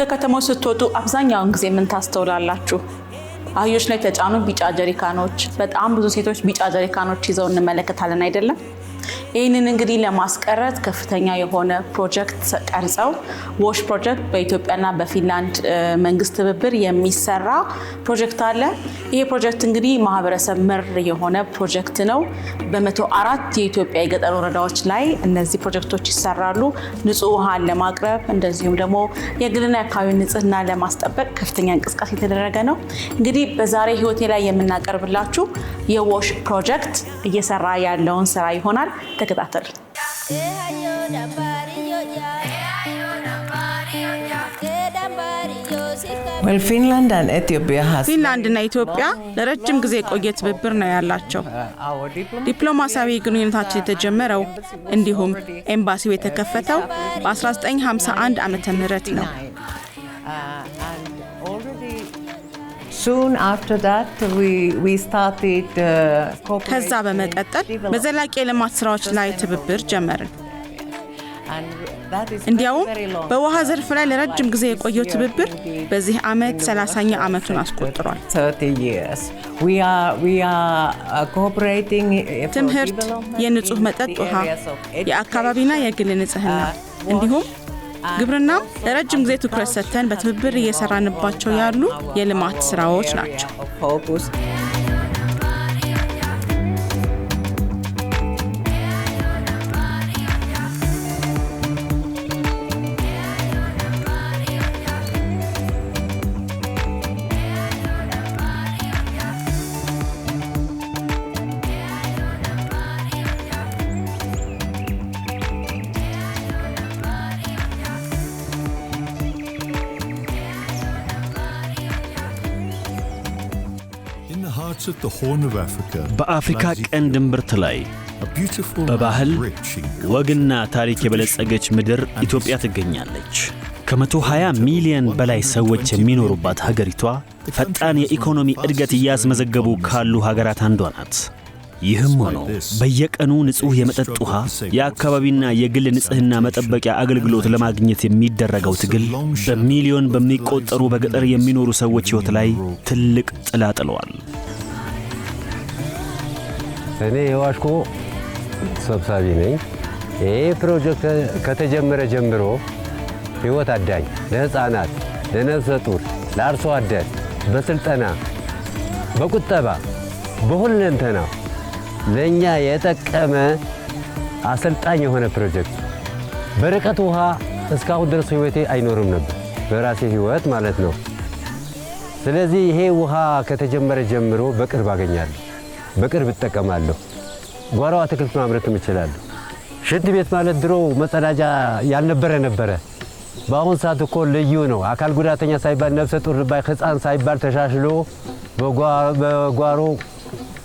ከከተማው ስትወጡ አብዛኛውን ጊዜ ምን ታስተውላላችሁ? አህዮች ላይ ተጫኑ ቢጫ ጀሪካኖች። በጣም ብዙ ሴቶች ቢጫ ጀሪካኖች ይዘው እንመለከታለን አይደለም? ይህንን እንግዲህ ለማስቀረት ከፍተኛ የሆነ ፕሮጀክት ቀርጸው ዎሽ ፕሮጀክት በኢትዮጵያና በፊንላንድ መንግስት ትብብር የሚሰራ ፕሮጀክት አለ። ይሄ ፕሮጀክት እንግዲህ ማህበረሰብ ምር የሆነ ፕሮጀክት ነው። በመቶ አራት የኢትዮጵያ የገጠር ወረዳዎች ላይ እነዚህ ፕሮጀክቶች ይሰራሉ። ንጹህ ውሃን ለማቅረብ እንደዚሁም ደግሞ የግልና የአካባቢ ንጽህና ለማስጠበቅ ከፍተኛ እንቅስቃሴ የተደረገ ነው። እንግዲህ በዛሬ ህይወቴ ላይ የምናቀርብላችሁ የዎሽ ፕሮጀክት እየሰራ ያለውን ስራ ይሆናል። ተከታተሉ። ፊንላንድና ኢትዮጵያ ለረጅም ጊዜ የቆየ ትብብር ነው ያላቸው። ዲፕሎማሲያዊ ግንኙነታችን የተጀመረው እንዲሁም ኤምባሲው የተከፈተው በ1951 ም ነው። Uh, ከዛ በመቀጠል በዘላቂ የልማት ስራዎች ላይ ትብብር ጀመርን። እንዲያውም በውሃ ዘርፍ ላይ ለረጅም ጊዜ የቆየው ትብብር በዚህ ዓመት 30ኛ ዓመቱን አስቆጥሯል። uh, uh, ትምህርት፣ የንጹህ መጠጥ ውሃ፣ የአካባቢና የግል ንጽህና እንዲሁም ግብርና ለረጅም ጊዜ ትኩረት ሰጥተን በትብብር እየሰራንባቸው ያሉ የልማት ስራዎች ናቸው። በአፍሪካ ቀንድ እምብርት ላይ በባህል ወግና ታሪክ የበለጸገች ምድር ኢትዮጵያ ትገኛለች። ከ 20 ሚሊዮን በላይ ሰዎች የሚኖሩባት ሀገሪቷ ፈጣን የኢኮኖሚ እድገት እያስመዘገቡ ካሉ ሀገራት አንዷ ናት። ይህም ሆኖ በየቀኑ ንጹሕ የመጠጥ ውሃ፣ የአካባቢና የግል ንጽሕና መጠበቂያ አገልግሎት ለማግኘት የሚደረገው ትግል በሚሊዮን በሚቆጠሩ በገጠር የሚኖሩ ሰዎች ሕይወት ላይ ትልቅ ጥላ ጥለዋል። እኔ የዋሽኮ ሰብሳቢ ነኝ። ይህ ፕሮጀክት ከተጀመረ ጀምሮ ህይወት አዳኝ ለህፃናት ለነፍሰ ጡር፣ ለአርሶ አደር በስልጠና በቁጠባ በሁለንተና ለእኛ የጠቀመ አሰልጣኝ የሆነ ፕሮጀክት በርቀት ውሃ እስካሁን ድረስ ህይወቴ አይኖርም ነበር፣ በራሴ ህይወት ማለት ነው። ስለዚህ ይሄ ውሃ ከተጀመረ ጀምሮ በቅርብ አገኛለሁ። በቅርብ እጠቀማለሁ። ጓሮ አትክልት ማምረትም እችላለሁ። ሽንት ቤት ማለት ድሮ መጸዳጃ ያልነበረ ነበረ። በአሁን ሰዓት እኮ ልዩ ነው። አካል ጉዳተኛ ሳይባል ነፍሰ ጡር ባይ ሕፃን ሳይባል ተሻሽሎ በጓሮ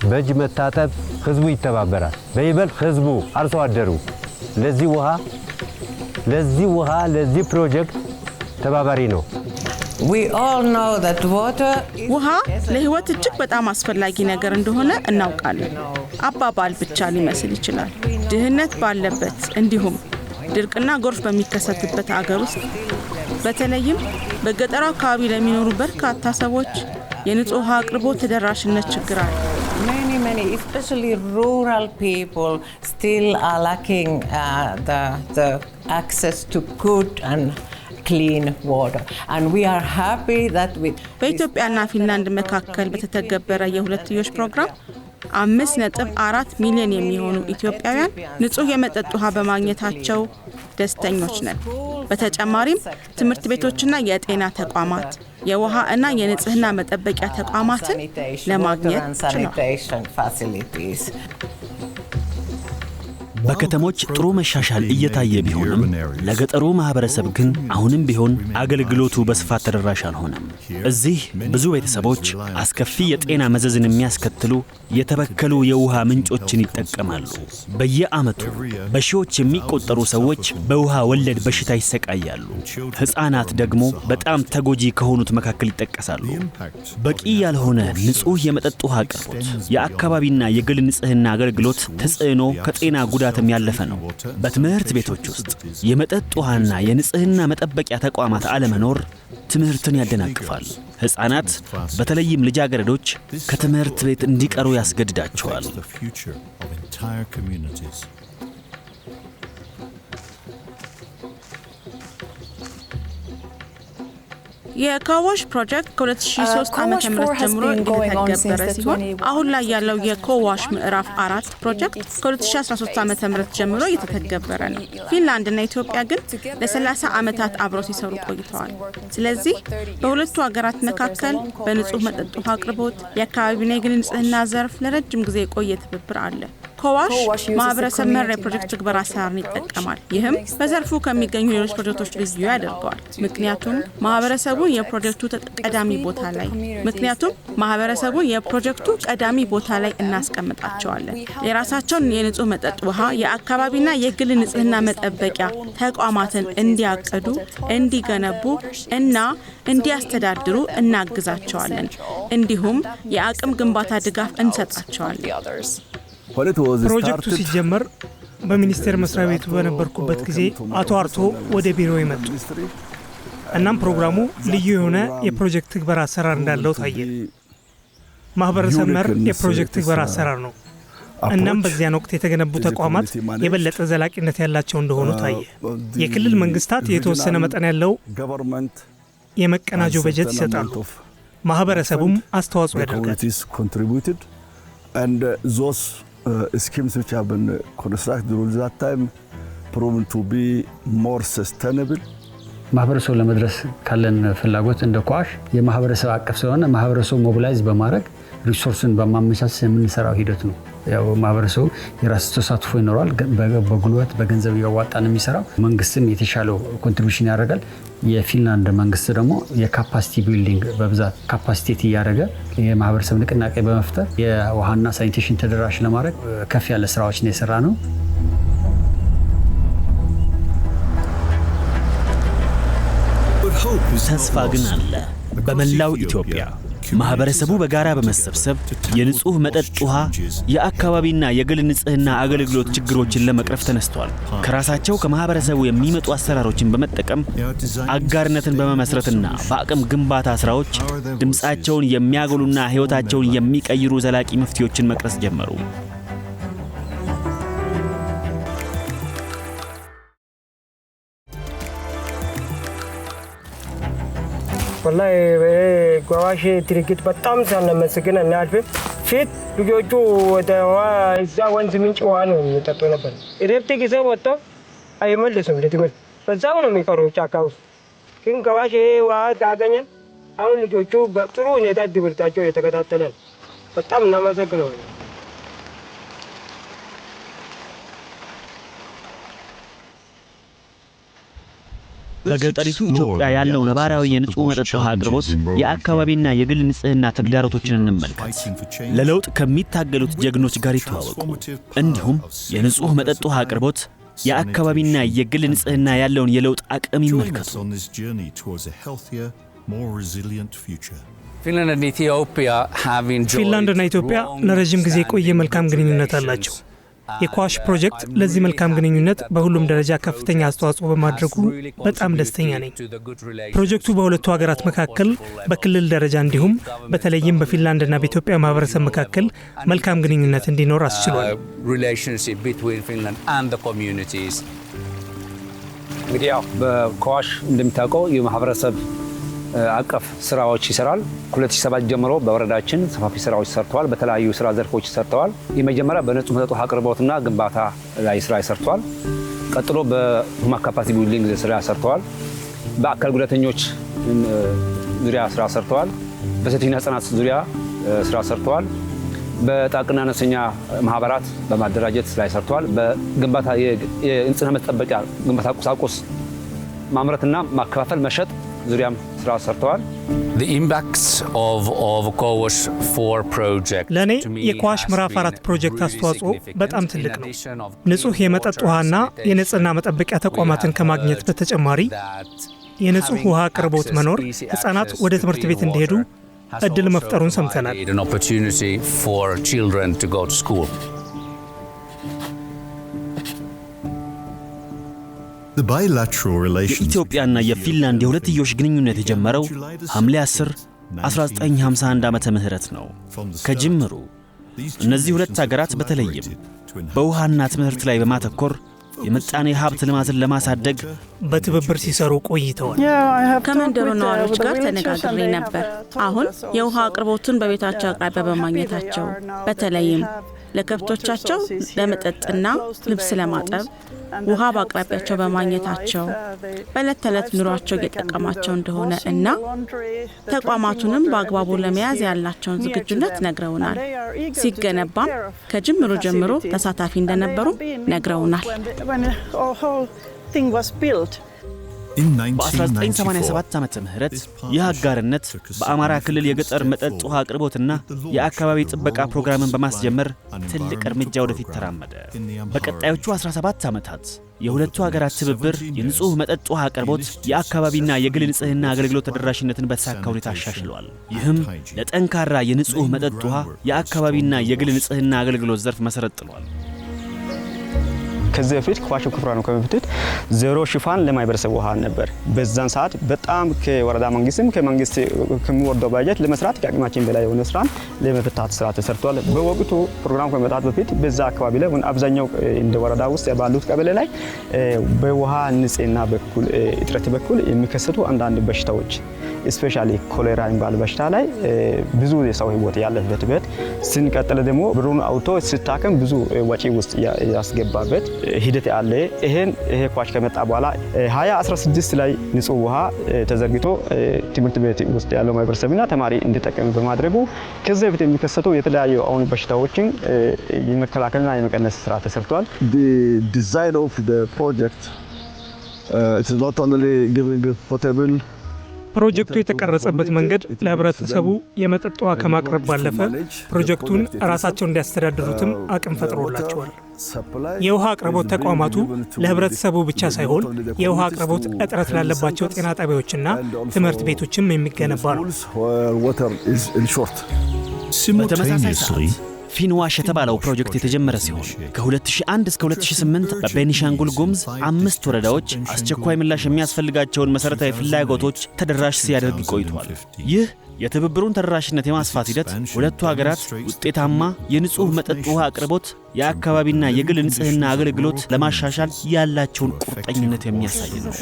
በእጅ መታጠብ ህዝቡ ይተባበራል። በይበልጥ ህዝቡ አርሶ አደሩ ለዚህ ውሃ ለዚህ ውሃ ለዚህ ፕሮጀክት ተባባሪ ነው። ውሃ ለህይወት እጅግ በጣም አስፈላጊ ነገር እንደሆነ እናውቃለን። አባባል ብቻ ሊመስል ይችላል። ድህነት ባለበት እንዲሁም ድርቅና ጎርፍ በሚከሰትበት አገር ውስጥ በተለይም በገጠሩ አካባቢ ለሚኖሩ በርካታ ሰዎች የንጹህ ውሃ አቅርቦት ተደራሽነት ችግር አለ። በኢትዮጵያና ፊንላንድ መካከል በተተገበረ የሁለትዮሽ ፕሮግራም አምስት ነጥብ አራት ሚሊዮን የሚሆኑ ኢትዮጵያውያን ንጹህ የመጠጥ ውሃ በማግኘታቸው ደስተኞች ነን። በተጨማሪም ትምህርት ቤቶችና የጤና ተቋማት የውሃ እና የንጽህና መጠበቂያ ተቋማትን ለማግኘት ችሏል። በከተሞች ጥሩ መሻሻል እየታየ ቢሆንም ለገጠሩ ማህበረሰብ ግን አሁንም ቢሆን አገልግሎቱ በስፋት ተደራሽ አልሆነም። እዚህ ብዙ ቤተሰቦች አስከፊ የጤና መዘዝን የሚያስከትሉ የተበከሉ የውሃ ምንጮችን ይጠቀማሉ። በየዓመቱ በሺዎች የሚቆጠሩ ሰዎች በውሃ ወለድ በሽታ ይሰቃያሉ። ሕፃናት ደግሞ በጣም ተጎጂ ከሆኑት መካከል ይጠቀሳሉ። በቂ ያልሆነ ንጹህ የመጠጥ ውሃ አቅርቦት፣ የአካባቢና የግል ንጽህና አገልግሎት ተጽዕኖ ከጤና ጉዳት ከመርዳትም ያለፈ ነው። በትምህርት ቤቶች ውስጥ የመጠጥ ውሃና የንጽህና መጠበቂያ ተቋማት አለመኖር ትምህርትን ያደናቅፋል። ሕፃናት በተለይም ልጃገረዶች ከትምህርት ቤት እንዲቀሩ ያስገድዳቸዋል። የካዋሽ ፕሮጀክት ከ2003 ዓ ም ጀምሮ የተተገበረ ሲሆን አሁን ላይ ያለው የኮዋሽ ምዕራፍ አራት ፕሮጀክት ከ2013 ዓ ም ጀምሮ እየተተገበረ ነው። ፊንላንድና ኢትዮጵያ ግን ለ30 ዓመታት አብረው ሲሰሩ ቆይተዋል። ስለዚህ በሁለቱ ሀገራት መካከል በንጹህ መጠጥ ውሃ አቅርቦት፣ የአካባቢና የግል ንጽህና ዘርፍ ለረጅም ጊዜ የቆየ ትብብር አለ። ኮዋሽ ማህበረሰብ መር የፕሮጀክት ትግበር አሰራርን ይጠቀማል። ይህም በዘርፉ ከሚገኙ ሌሎች ፕሮጀክቶች ልዩ ያደርገዋል። ምክንያቱም ማህበረሰቡ የፕሮጀክቱ ቀዳሚ ቦታ ላይ ምክንያቱም ማህበረሰቡ የፕሮጀክቱ ቀዳሚ ቦታ ላይ እናስቀምጣቸዋለን። የራሳቸውን የንጹህ መጠጥ ውሃ፣ የአካባቢና የግል ንጽህና መጠበቂያ ተቋማትን እንዲያቅዱ፣ እንዲገነቡ እና እንዲያስተዳድሩ እናግዛቸዋለን። እንዲሁም የአቅም ግንባታ ድጋፍ እንሰጣቸዋለን። ፕሮጀክቱ ሲጀመር በሚኒስቴር መስሪያ ቤቱ በነበርኩበት ጊዜ አቶ አርቶ ወደ ቢሮ የመጡ እናም ፕሮግራሙ ልዩ የሆነ የፕሮጀክት ትግበር አሰራር እንዳለው ታየ። ማህበረሰብ መር የፕሮጀክት ትግበር አሰራር ነው። እናም በዚያን ወቅት የተገነቡ ተቋማት የበለጠ ዘላቂነት ያላቸው እንደሆኑ ታየ። የክልል መንግስታት የተወሰነ መጠን ያለው የመቀናጆ በጀት ይሰጣሉ። ማህበረሰቡም አስተዋጽኦ ያደርጋል። schemes which have been constructed during that time proven to be more sustainable. ማህበረሰቡ ለመድረስ ካለን ፍላጎት እንደ ኳሽ የማህበረሰብ አቀፍ ስለሆነ ማህበረሰቡ ሞቢላይዝ በማድረግ ሪሶርስን በማመቻቸት የምንሰራው ሂደት ነው። ያው ማህበረሰቡ የራስ ተሳትፎ ይኖረዋል። በጉልበት በገንዘብ እያዋጣ ነው የሚሰራው። መንግስትም የተሻለው ኮንትሪቢሽን ያደርጋል። የፊንላንድ መንግስት ደግሞ የካፓሲቲ ቢልዲንግ በብዛት ካፓሲቴት እያደረገ የማህበረሰብ ንቅናቄ በመፍጠር የውሃና ሳኒቴሽን ተደራሽ ለማድረግ ከፍ ያለ ስራዎችን የሰራ ነው። ተስፋ ግን አለ በመላው ኢትዮጵያ ማህበረሰቡ በጋራ በመሰብሰብ የንጹህ መጠጥ ውሃ፣ የአካባቢና የግል ንጽህና አገልግሎት ችግሮችን ለመቅረፍ ተነስተዋል። ከራሳቸው ከማህበረሰቡ የሚመጡ አሰራሮችን በመጠቀም አጋርነትን በመመስረትና በአቅም ግንባታ ስራዎች ድምፃቸውን የሚያጎሉና ህይወታቸውን የሚቀይሩ ዘላቂ መፍትሄዎችን መቅረስ ጀመሩ። ወላሂ ጓዋሽ ድርጊት በጣም ሳናመሰግን እናልፍም። ፊት ልጆቹ እዛ ወንዝ ምንጭ ውሃ ነው የሚጠጡ ነበር። ረፍት ጊዜ ወጥቶ አይመለሱም ለትምህርት በዛው ነው የሚቀሩ ጫካ ውስጥ። ግን ጓዋሽ ውሃ ታገኘን። አሁን ልጆቹ በጥሩ ሁኔታ ድብርታቸው የተከታተለን በጣም እናመሰግነው። በገጠሪቱ ኢትዮጵያ ያለው ነባራዊ የንጹህ መጠጥ ውሃ አቅርቦት፣ የአካባቢና የግል ንጽህና ተግዳሮቶችን እንመልከት። ለለውጥ ከሚታገሉት ጀግኖች ጋር ይተዋወቁ። እንዲሁም የንጹህ መጠጥ ውሃ አቅርቦት፣ የአካባቢና የግል ንጽህና ያለውን የለውጥ አቅም ይመልከቱ። ፊንላንድና ኢትዮጵያ ለረዥም ጊዜ የቆየ መልካም ግንኙነት አላቸው። የኳሽ ፕሮጀክት ለዚህ መልካም ግንኙነት በሁሉም ደረጃ ከፍተኛ አስተዋጽኦ በማድረጉ በጣም ደስተኛ ነኝ። ፕሮጀክቱ በሁለቱ ሀገራት መካከል በክልል ደረጃ እንዲሁም በተለይም በፊንላንድና በኢትዮጵያ ማህበረሰብ መካከል መልካም ግንኙነት እንዲኖር አስችሏል። እንግዲህ ያው በኳሽ እንደሚታውቀው የማህበረሰብ አቀፍ ስራዎች ይሰራል። 2007 ጀምሮ በወረዳችን ሰፋፊ ስራዎች ሰርተዋል። በተለያዩ ስራ ዘርፎች ሰርተዋል። የመጀመሪያ በንጹህ መጠጥ ውሃ አቅርቦትና ግንባታ ላይ ስራ ሰርተዋል። ቀጥሎ በሁማን ካፓሲቲ ቢልዲንግ ስራ ሰርተዋል። በአካል ጉዳተኞች ዙሪያ ስራ ሰርተዋል። በሴቶችና ህጻናት ዙሪያ ስራ ሰርተዋል። በጣቅና አነስተኛ ማህበራት በማደራጀት ላይ ሰርተዋል። በግንባታ የንጽህና መጠበቂያ ግንባታ ቁሳቁስ ማምረትና ማከፋፈል መሸጥ ዙሪያም ስራ ሰርተዋል። ለእኔ የኳሽ ምዕራፍ አራት ፕሮጀክት አስተዋጽኦ በጣም ትልቅ ነው። ንጹህ የመጠጥ ውሃና የንጽህና መጠበቂያ ተቋማትን ከማግኘት በተጨማሪ የንጹህ ውሃ አቅርቦት መኖር ሕፃናት ወደ ትምህርት ቤት እንዲሄዱ እድል መፍጠሩን ሰምተናል። የኢትዮጵያና የፊንላንድ የሁለትዮሽ ግንኙነት የጀመረው ሐምሌ 10 1951 ዓ ምህረት ነው። ከጅምሩ እነዚህ ሁለት አገራት በተለይም በውሃና ትምህርት ላይ በማተኮር የምጣኔ ሀብት ልማትን ለማሳደግ በትብብር ሲሰሩ ቆይተዋል። ከመንደሩ ነዋሪዎች ጋር ተነጋግሬ ነበር። አሁን የውሃ አቅርቦቱን በቤታቸው አቅራቢያ በማግኘታቸው በተለይም ለከብቶቻቸው ለመጠጥና ልብስ ለማጠብ ውሃ በአቅራቢያቸው በማግኘታቸው በዕለት ተዕለት ኑሯቸው እየጠቀማቸው እንደሆነ እና ተቋማቱንም በአግባቡ ለመያዝ ያላቸውን ዝግጁነት ነግረውናል። ሲገነባም ከጅምሩ ጀምሮ ተሳታፊ እንደነበሩ ነግረውናል። በ1987 ዓመተ ም ይህ አጋርነት በአማራ ክልል የገጠር መጠጥ ውሃ አቅርቦትና የአካባቢ ጥበቃ ፕሮግራምን በማስጀመር ትልቅ እርምጃ ወደፊት ተራመደ። በቀጣዮቹ 17 ዓመታት የሁለቱ ሀገራት ትብብር የንጹህ መጠጥ ውሃ አቅርቦት፣ የአካባቢና የግል ንጽህና አገልግሎት ተደራሽነትን በተሳካ ሁኔታ አሻሽለዋል። ይህም ለጠንካራ የንጹህ መጠጥ ውሃ፣ የአካባቢና የግል ንጽህና አገልግሎት ዘርፍ መሰረት ጥሏል። ከዚህ በፊት ከዋሽም ክፍራ ነው ከመፍትት ዜሮ ሽፋን ለማህበረሰብ ውሃ ነበር። በዛን ሰዓት በጣም ከወረዳ መንግስትም ከመንግስት ከሚወርደው ባጀት ለመስራት ከአቅማችን በላይ የሆነ ስራን ለመፍታት ስራ ተሰርቷል። በወቅቱ ፕሮግራም ከመጣት በፊት በዛ አካባቢ ላይ አብዛኛው እንደ ወረዳ ውስጥ ባሉት ቀበሌ ላይ በውሃ ንጽህና በኩል እጥረት በኩል የሚከሰቱ አንዳንድ በሽታዎች ስፔሻሊ ኮሌራ የሚባል በሽታ ላይ ብዙ የሰው ህይወት ያለበት በት ስንቀጥል ደግሞ ብሩን አውቶ ስታከም ብዙ ወጪ ውስጥ ያስገባበት ሂደት አለ። ይሄን ይሄ ኳች ከመጣ በኋላ 2016 ላይ ንጹህ ውሃ ተዘርግቶ ትምህርት ቤት ውስጥ ያለው ማህበረሰብና ተማሪ እንዲጠቀም በማድረጉ ከዚህ በፊት የሚከሰቱ የተለያዩ አሁን በሽታዎችን የመከላከልና የመቀነስ ስራ ተሰርቷል። ዲዛይን ኦፍ ፕሮጀክት ኢትስ ኖት ኦንሊ ጊቪንግ ፖቴብል ፕሮጀክቱ የተቀረጸበት መንገድ ለህብረተሰቡ የመጠጥ ውሃ ከማቅረብ ባለፈ ፕሮጀክቱን ራሳቸው እንዲያስተዳድሩትም አቅም ፈጥሮላቸዋል። የውሃ አቅርቦት ተቋማቱ ለህብረተሰቡ ብቻ ሳይሆን የውሃ አቅርቦት እጥረት ላለባቸው ጤና ጣቢያዎችና ትምህርት ቤቶችም የሚገነባ ነው። ፊንዋሽ የተባለው ፕሮጀክት የተጀመረ ሲሆን ከ2001 እስከ 2008 በቤኒሻንጉል ጉምዝ አምስት ወረዳዎች አስቸኳይ ምላሽ የሚያስፈልጋቸውን መሠረታዊ ፍላጎቶች ተደራሽ ሲያደርግ ቆይቷል። ይህ የትብብሩን ተደራሽነት የማስፋት ሂደት ሁለቱ ሀገራት ውጤታማ የንጹሕ መጠጥ ውሃ አቅርቦት የአካባቢና የግል ንጽህና አገልግሎት ለማሻሻል ያላቸውን ቁርጠኝነት የሚያሳይ ነው።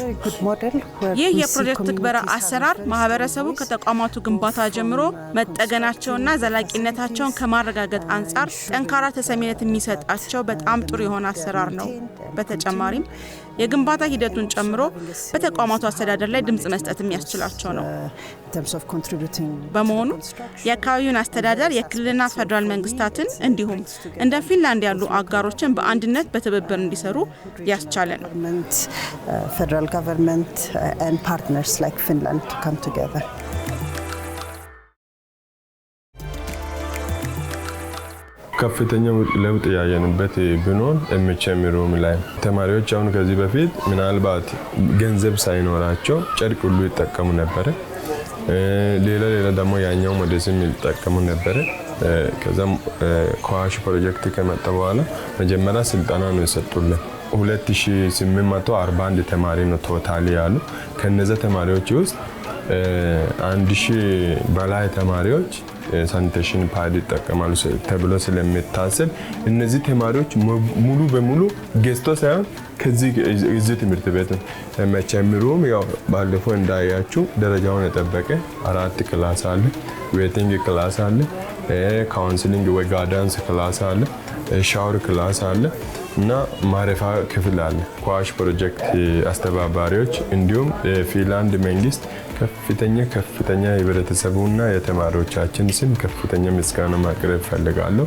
ይህ የፕሮጀክት ትግበራ አሰራር ማህበረሰቡ ከተቋማቱ ግንባታ ጀምሮ መጠገናቸውና ዘላቂነታቸውን ከማረጋገጥ አንጻር ጠንካራ ተሰሚነት የሚሰጣቸው በጣም ጥሩ የሆነ አሰራር ነው። በተጨማሪም የግንባታ ሂደቱን ጨምሮ በተቋማቱ አስተዳደር ላይ ድምፅ መስጠት የሚያስችላቸው ነው። በመሆኑ የአካባቢውን አስተዳደር የክልልና ፌዴራል መንግስታትን እንዲሁም እንደ ፊንላንድ በአንድ ያሉ አጋሮችን በአንድነት በትብብር እንዲሰሩ ያስቻለ ነው። ፌደራል ገቨርንመንት ኤንድ ፓርትነርስ ላይክ ፊንላንድ ካም ቱጌዘር ከፍተኛ ለውጥ ያየንበት ቢኖር ኤምችም ሩም ላይ ተማሪዎች አሁን ከዚህ በፊት ምናልባት ገንዘብ ሳይኖራቸው ጨርቅ ሁሉ ይጠቀሙ ነበረ። ሌላ ሌላ ደግሞ ያኛው ወደስም ይጠቀሙ ነበረ። ከዛም ከዋሽ ፕሮጀክት ከመጣ በኋላ መጀመሪያ ስልጠና ነው የሰጡልን። 2841 ተማሪ ነው ቶታሊ ያሉ። ከነዚ ተማሪዎች ውስጥ አንድ ሺህ በላይ ተማሪዎች ሳኒቴሽን ፓድ ይጠቀማሉ ተብሎ ስለሚታሰብ እነዚህ ተማሪዎች ሙሉ በሙሉ ገዝቶ ሳይሆን ከዚህ እዚህ ትምህርት ቤት ነው መቸምሩም። ያው ባለፈው እንዳያችሁ ደረጃውን የጠበቀ አራት ክላስ አለ፣ ዌቲንግ ክላስ አለ ካውንስሊንግ ወይ ጋዳንስ ክላስ አለ፣ ሻወር ክላስ አለ እና ማረፋ ክፍል አለ። ኳሽ ፕሮጀክት አስተባባሪዎች እንዲሁም የፊንላንድ መንግስት ከፍተኛ ከፍተኛ የህብረተሰቡና የተማሪዎቻችን ስም ከፍተኛ ምስጋና ማቅረብ እፈልጋለሁ።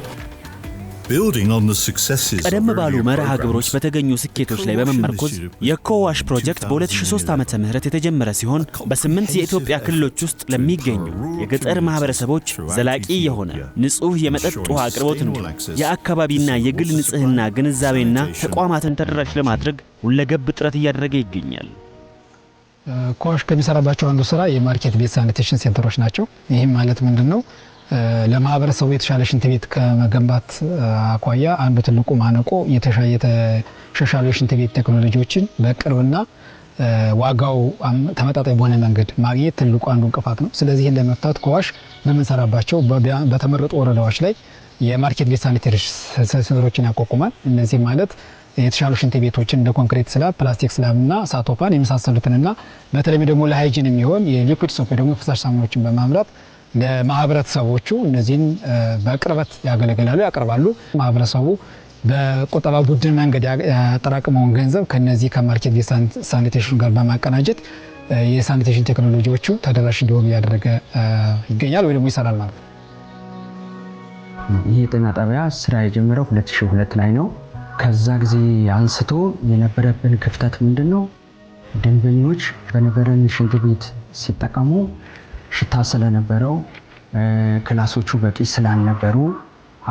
ቀደም ባሉ መርሃ ግብሮች በተገኙ ስኬቶች ላይ በመመርኮዝ የኮዋሽ ፕሮጀክት በ2003 ዓ ም የተጀመረ ሲሆን በስምንት የኢትዮጵያ ክልሎች ውስጥ ለሚገኙ የገጠር ማህበረሰቦች ዘላቂ የሆነ ንጹህ የመጠጥ ውሃ አቅርቦት እንዲሁም የአካባቢና የግል ንጽህና ግንዛቤና ተቋማትን ተደራሽ ለማድረግ ሁለገብ ጥረት እያደረገ ይገኛል። ኮዋሽ ከሚሰራባቸው አንዱ ስራ የማርኬት ቤት ሳኒቴሽን ሴንተሮች ናቸው። ይህም ማለት ምንድን ነው? ለማህበረሰቡ የተሻለ ሽንት ቤት ከመገንባት አኳያ አንዱ ትልቁ ማነቆ የተሻሻሉ የሽንት ቤት ቴክኖሎጂዎችን በቅርብና ዋጋው ተመጣጣኝ በሆነ መንገድ ማግኘት ትልቁ አንዱ እንቅፋት ነው። ስለዚህ ይህን ለመፍታት ከዋሽ በምንሰራባቸው በተመረጡ ወረዳዎች ላይ የማርኬት ቤት ሳኒቴሪ ስንሮችን ያቋቁማል። እነዚህ ማለት የተሻሉ ሽንት ቤቶችን እንደ ኮንክሪት ስላብ፣ ፕላስቲክ ስላብ እና ሳቶፓን የመሳሰሉትንና በተለይም ደግሞ ለሃይጂን የሚሆን የሊኩድ ሶፕ ደግሞ የፈሳሽ ሳሙናዎችን በማምራት ለማህበረተሰቦቹ እነዚህን በቅርበት ያገለግላሉ፣ ያቀርባሉ። ማህበረሰቡ በቁጠባ ቡድን መንገድ ያጠራቅመውን ገንዘብ ከነዚህ ከማርኬት ሳኒቴሽን ጋር በማቀናጀት የሳኒቴሽን ቴክኖሎጂዎቹ ተደራሽ እንዲሆኑ እያደረገ ይገኛል ወይ ደግሞ ይሰራል ማለት ነው። ይህ የጤና ጣቢያ ስራ የጀመረው 2002 ላይ ነው። ከዛ ጊዜ አንስቶ የነበረብን ክፍተት ምንድን ነው? ደንበኞች በነበረን ሽንት ቤት ሲጠቀሙ ሽታ ስለነበረው ክላሶቹ በቂ ስላልነበሩ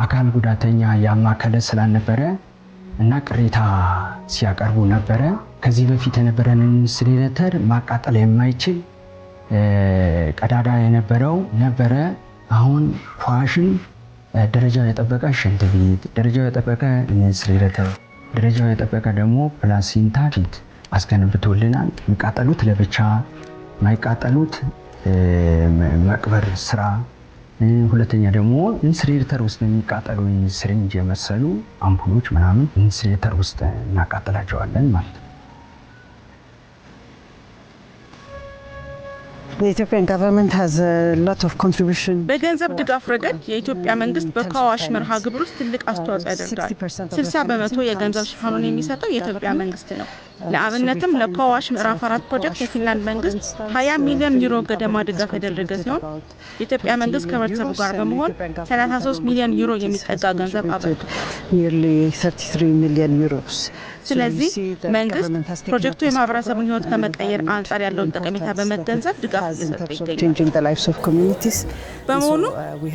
አካል ጉዳተኛ ያማከለ ስላልነበረ እና ቅሬታ ሲያቀርቡ ነበረ። ከዚህ በፊት የነበረንን ሲሊንደር ማቃጠል የማይችል ቀዳዳ የነበረው ነበረ። አሁን ኳሽን ደረጃ የጠበቀ ሽንት ቤት፣ ደረጃ የጠበቀ ሲሊንደር፣ ደረጃ የጠበቀ ደግሞ ፕላሲንታ ፊት አስገንብቶልናል። የሚቃጠሉት ለብቻ ማይቃጠሉት መቅበር ስራ፣ ሁለተኛ ደግሞ ኢንስሬተር ውስጥ የሚቃጠሉ ስሪንጅ የመሰሉ አምፑሎች ምናምን ኢንስሬተር ውስጥ እናቃጥላቸዋለን ማለት ነው። በገንዘብ ድጋፍ ረገድ የኢትዮጵያ መንግስት በካዋሽ መርሃ ግብር ውስጥ ትልቅ አስተዋጽኦ ያደርጋል። 60 በመቶ የገንዘብ ሽፋኑን የሚሰጠው የኢትዮጵያ መንግስት ነው። ለአብነትም ለካዋሽ ምዕራፍ አራት ፕሮጀክት የፊንላንድ መንግስት ሀያ ሚሊዮን ዩሮ ገደማ ድጋፍ ያደረገ ሲሆን የኢትዮጵያ መንግስት ከህብረተሰቡ ጋር በመሆን 33 ሚሊዮን ዩሮ የሚጠጋ ገንዘብ አበርክቷል። ስለዚህ መንግስት ፕሮጀክቱ የማህበረሰቡን ህይወት ከመቀየር አንጻር ያለውን ጠቀሜታ በመገንዘብ ድጋፍ እየሰጠ ይገኛል። በመሆኑ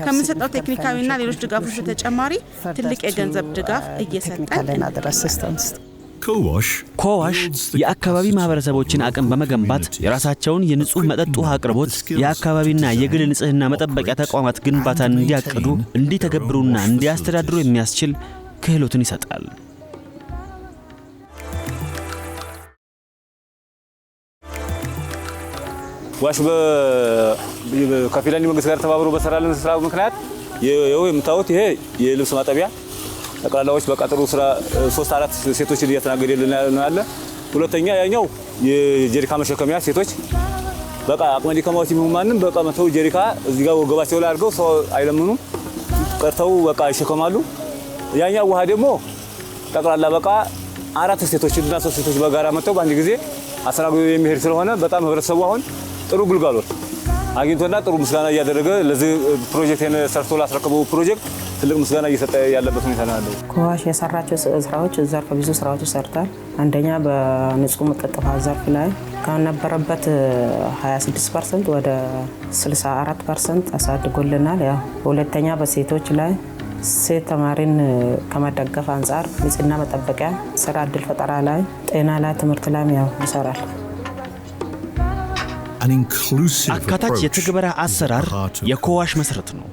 ከምንሰጠው ቴክኒካዊና ሌሎች ድጋፎች በተጨማሪ ትልቅ የገንዘብ ድጋፍ እየሰጠን ኮዋሽ የአካባቢ ማህበረሰቦችን አቅም በመገንባት የራሳቸውን የንጹህ መጠጥ ውሃ አቅርቦት፣ የአካባቢና የግል ንጽህና መጠበቂያ ተቋማት ግንባታን እንዲያቅዱ፣ እንዲተገብሩና እንዲያስተዳድሩ የሚያስችል ክህሎትን ይሰጣል። ዋሽ ከፊለንድ መንግስት ጋር ተባብሮ በሰራለን ስራ ምክንያት የምታዩት ይሄ የልብስ ማጠቢያ ጠቅላላዎች በቀጥሩ ስራ ሶስት አራት ሴቶች እያስተናገደልን ያለ። ሁለተኛ ያኛው የጀሪካ መሸከሚያ ሴቶች በቃ አቅመ ደካማዎች የሚሆን ማንም በቃ መተው ጀሪካ እዚህ ጋር ወገባቸው ላይ አድርገው ሰው አይለምኑም፣ ቀርተው በቃ ይሸከማሉ። ያኛው ውሃ ደግሞ ጠቅላላ በቃ አራት ሴቶች እና ሶስት ሴቶች በጋራ መተው በአንድ ጊዜ አስተናግዶ የሚሄድ ስለሆነ በጣም ህብረተሰቡ አሁን ጥሩ ግልጋሎት አግኝቶና ጥሩ ምስጋና እያደረገ ለዚህ ፕሮጀክት ሰርቶ ላስረከበው ፕሮጀክት ትልቅ ምስጋና እየሰጠ ያለበት ሁኔታ ነው ያለው። ከዋሽ የሰራቸው ስራዎች ዘርፈ ብዙ ስራዎች ሰርታል። አንደኛ በንጹህ መጠጥ ውሃ ዘርፍ ላይ ከነበረበት 26 ፐርሰንት ወደ 64 ፐርሰንት አሳድጎልናል። ያው ሁለተኛ በሴቶች ላይ ሴት ተማሪን ከመደገፍ አንጻር ንጽህና መጠበቂያ፣ ስራ እድል ፈጠራ ላይ፣ ጤና ላይ፣ ትምህርት ላይም ያው ይሰራል። አካታች የትግበራ አሰራር የኮዋሽ መሰረት ነው።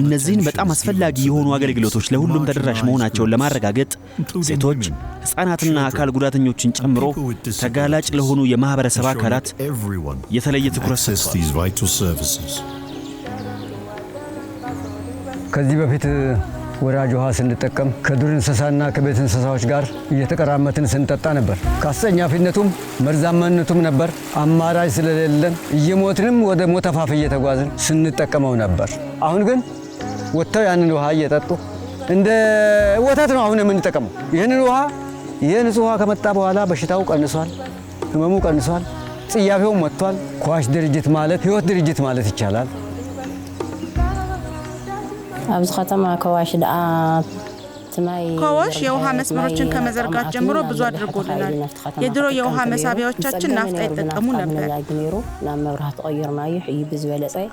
እነዚህን በጣም አስፈላጊ የሆኑ አገልግሎቶች ለሁሉም ተደራሽ መሆናቸውን ለማረጋገጥ ሴቶች፣ ሕፃናትና አካል ጉዳተኞችን ጨምሮ ተጋላጭ ለሆኑ የማኅበረሰብ አካላት የተለየ ትኩረት ከዚህ በፊት ወራጅ ውሃ ስንጠቀም ከዱር እንስሳና ከቤት እንስሳዎች ጋር እየተቀራመትን ስንጠጣ ነበር። ከአስጸያፊነቱም መርዛማነቱም ነበር አማራጭ ስለሌለን እየሞትንም ወደ ሞት አፋፍ እየተጓዝን ስንጠቀመው ነበር። አሁን ግን ወጥተው ያንን ውሃ እየጠጡ እንደ ወተት ነው አሁን የምንጠቀመው። ይህንን ውሃ ይህ ንጹህ ውሃ ከመጣ በኋላ በሽታው ቀንሷል፣ ህመሙ ቀንሷል፣ ጽያፌውም ወጥቷል። ኳሽ ድርጅት ማለት ህይወት ድርጅት ማለት ይቻላል። ኣብዚ ከተማ ከዋሽ ደኣ ከዋሽ የውሃ መስመሮችን ከመዘርጋት ጀምሮ ብዙ አድርጎልናል። የድሮ የውሃ መሳቢያዎቻችን ናፍጣ ይጠቀሙ ነበር።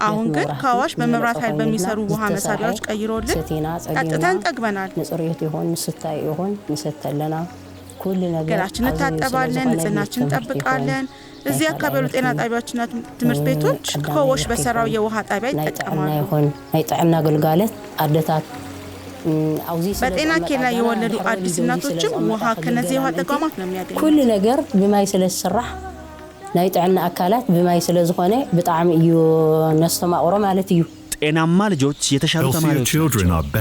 አሁን ግን ከዋሽ በመብራት ኃይል በሚሰሩ ውሃ መሳቢያዎች ቀይሮልን ጠጥተን ጠግበናል። ገላችን እንታጠባለን፣ ንጽህናችን እንጠብቃለን። እዚህ አካባቢ ያሉ ጤና ጣቢያዎችና ትምህርት ቤቶች ከወሽ በሰራው የውሃ ጣቢያ ይጠቀማሉ። ናይ ጥዕና ግልጋሎት አደታት በጤና ኬላ የወለዱ አዲስ እናቶችም ውሃ ከነዚህ የውሃ ተቋማት ነው የሚያገኙ። ኩሉ ነገር ብማይ ስለዝስራሕ ናይ ጥዕና ኣካላት ብማይ ስለዝኾነ ብጣዕሚ እዩ ነስተማቅሮ ማለት እዩ ጤናማ ልጆች፣ የተሻሉ ተማሪዎች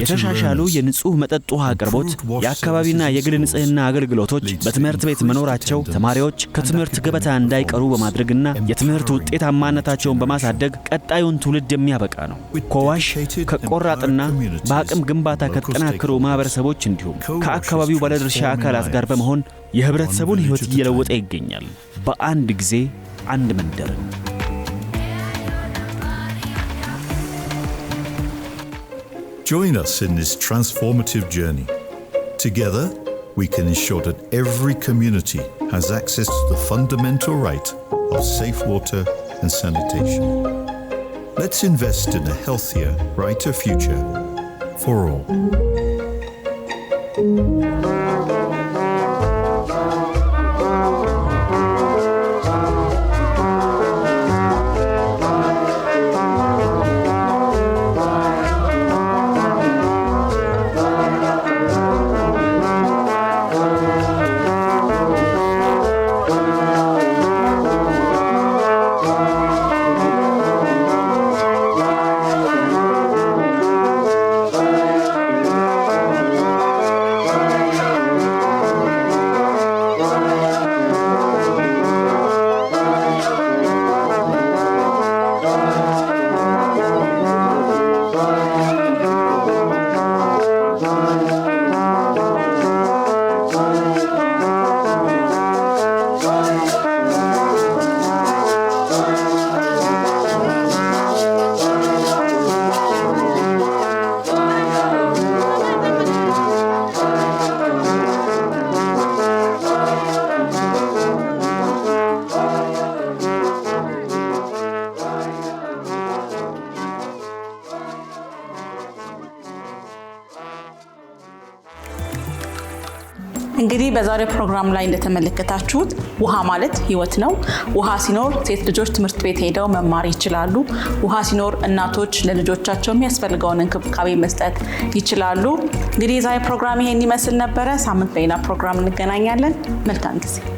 የተሻሻሉ የንጹህ መጠጥ ውሃ አቅርቦት፣ የአካባቢና የግል ንጽህና አገልግሎቶች በትምህርት ቤት መኖራቸው ተማሪዎች ከትምህርት ገበታ እንዳይቀሩ በማድረግና የትምህርት ውጤታማነታቸውን በማሳደግ ቀጣዩን ትውልድ የሚያበቃ ነው። ኮዋሽ ከቆራጥና በአቅም ግንባታ ከተጠናከሩ ማህበረሰቦች እንዲሁም ከአካባቢው ባለድርሻ አካላት ጋር በመሆን የህብረተሰቡን ህይወት እየለወጠ ይገኛል። በአንድ ጊዜ አንድ መንደርን Join us in this transformative journey. Together, we can ensure that every community has access to the fundamental right of safe water and sanitation. Let's invest in a healthier, brighter future for all. በዛሬው ፕሮግራም ላይ እንደተመለከታችሁት ውሃ ማለት ህይወት ነው። ውሃ ሲኖር ሴት ልጆች ትምህርት ቤት ሄደው መማር ይችላሉ። ውሃ ሲኖር እናቶች ለልጆቻቸው የሚያስፈልገውን እንክብካቤ መስጠት ይችላሉ። እንግዲህ የዛሬ ፕሮግራም ይሄን ይመስል ነበረ። ሳምንት በሌላ ፕሮግራም እንገናኛለን። መልካም ጊዜ